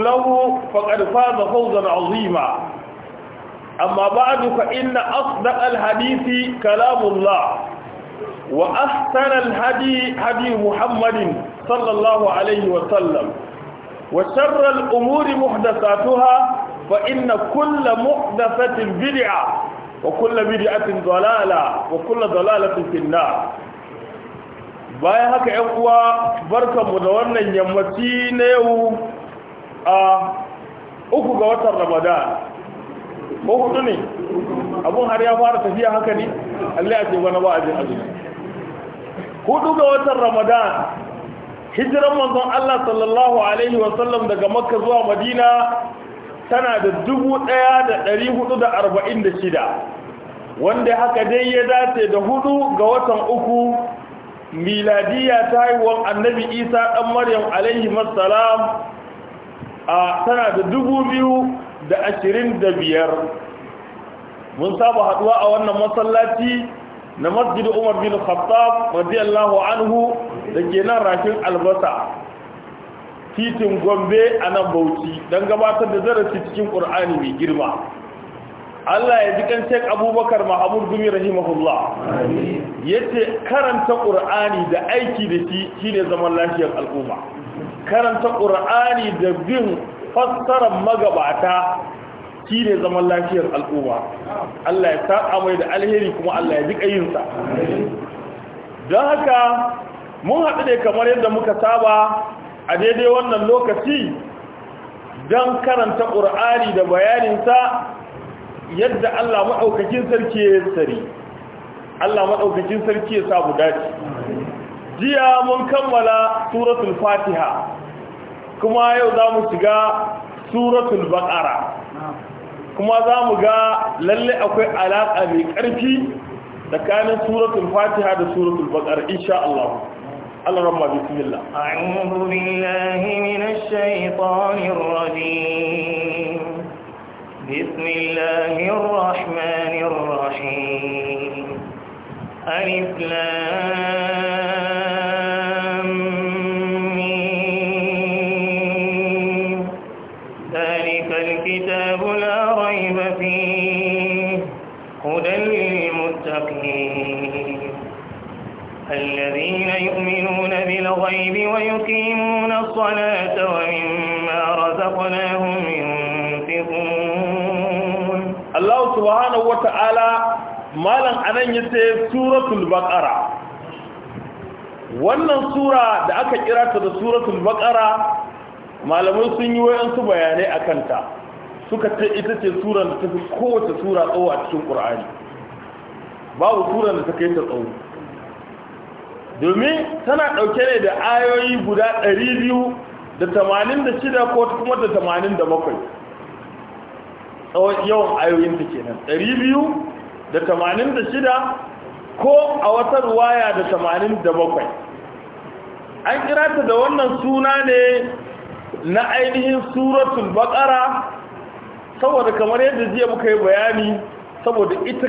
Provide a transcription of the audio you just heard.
له فقد فاز فوزا عظيما أما بعد فإن أصدق الحديث كلام الله وأحسن الهدي هدي محمد صلى الله عليه وسلم وشر الأمور محدثاتها فإن كل محدثة بدعة وكل بدعة ضلالة وكل ضلالة في النار bayan haka ‘yan uwa barkanmu da wannan yammaci na yau a uku ga watan ramadan ko hudu ne abun har ya fara tafiya haka ne allai a ce wani wa'azin azumi hudu ga watan ramadan hijiran manzon allah sallallahu alaihi wasallam daga makka zuwa madina tana da dubu ɗaya da ɗari hudu da arba'in da shida wanda haka dai ya dace da hudu ga watan uku miladiya ta wa annabi isa ɗan maryam alaihi masalam a tana da dubu biyu da ashirin da biyar mun saba haduwa a wannan masallaci na masjidu umar bin khattab radiyallahu anhu da ke nan rafin albasa titin gombe a nan bauchi don gabatar da darasi cikin ƙur'ani mai girma Allah ya ji kan Abubakar Mahabur Gumi rahimahullah yace karanta ƙur'ani da aiki da shi shine zaman lafiyar al'umma karanta ƙur'ani da bin fassarar magabata shi ne zaman lafiyar al'umma Allah ya sa'a mai da alheri kuma Allah ya ji yinsa. don haka mun haɗu ne kamar yadda muka saba a daidai wannan lokaci don karanta ƙur'ani da bayaninsa yadda Allah maɗaukakin sarki ya sari Allah maɗaukakin sarki ya samu dace jiya mun kammala suratul fatiha kuma yau za mu shiga suratul baqara kuma za mu ga lalle akwai alaƙa mai ƙarfi tsakanin suratul fatiha da suratul baqara insha Allah Allah rabba bismillah a'udhu billahi minash shaitanir rajim bismillahir rahmanir rahim alif lam ذلك الكتاب لا ريب فيه هدى للمتقين الذين يؤمنون بالغيب ويقيمون الصلاة ومما رزقناهم ينفقون الله سبحانه وتعالى مالا أنا يتي سورة البقرة wannan sura da aka kira ta da suratul baqara malamai sun yi wayansu bayanai a kanta suka ce ita ce sura da tafi kowace sura tsawo a cikin ƙur'ani babu sura da ta kai ta tsawo domin tana ɗauke ne da ayoyi guda 286 ko kuma da 87 tsawon yawan ayoyin ta kenan 286 ko a wata ruwaya da 87 an kira ta da wannan suna ne na ainihin suratul baqara saboda kamar yadda jiya muka yi bayani saboda ita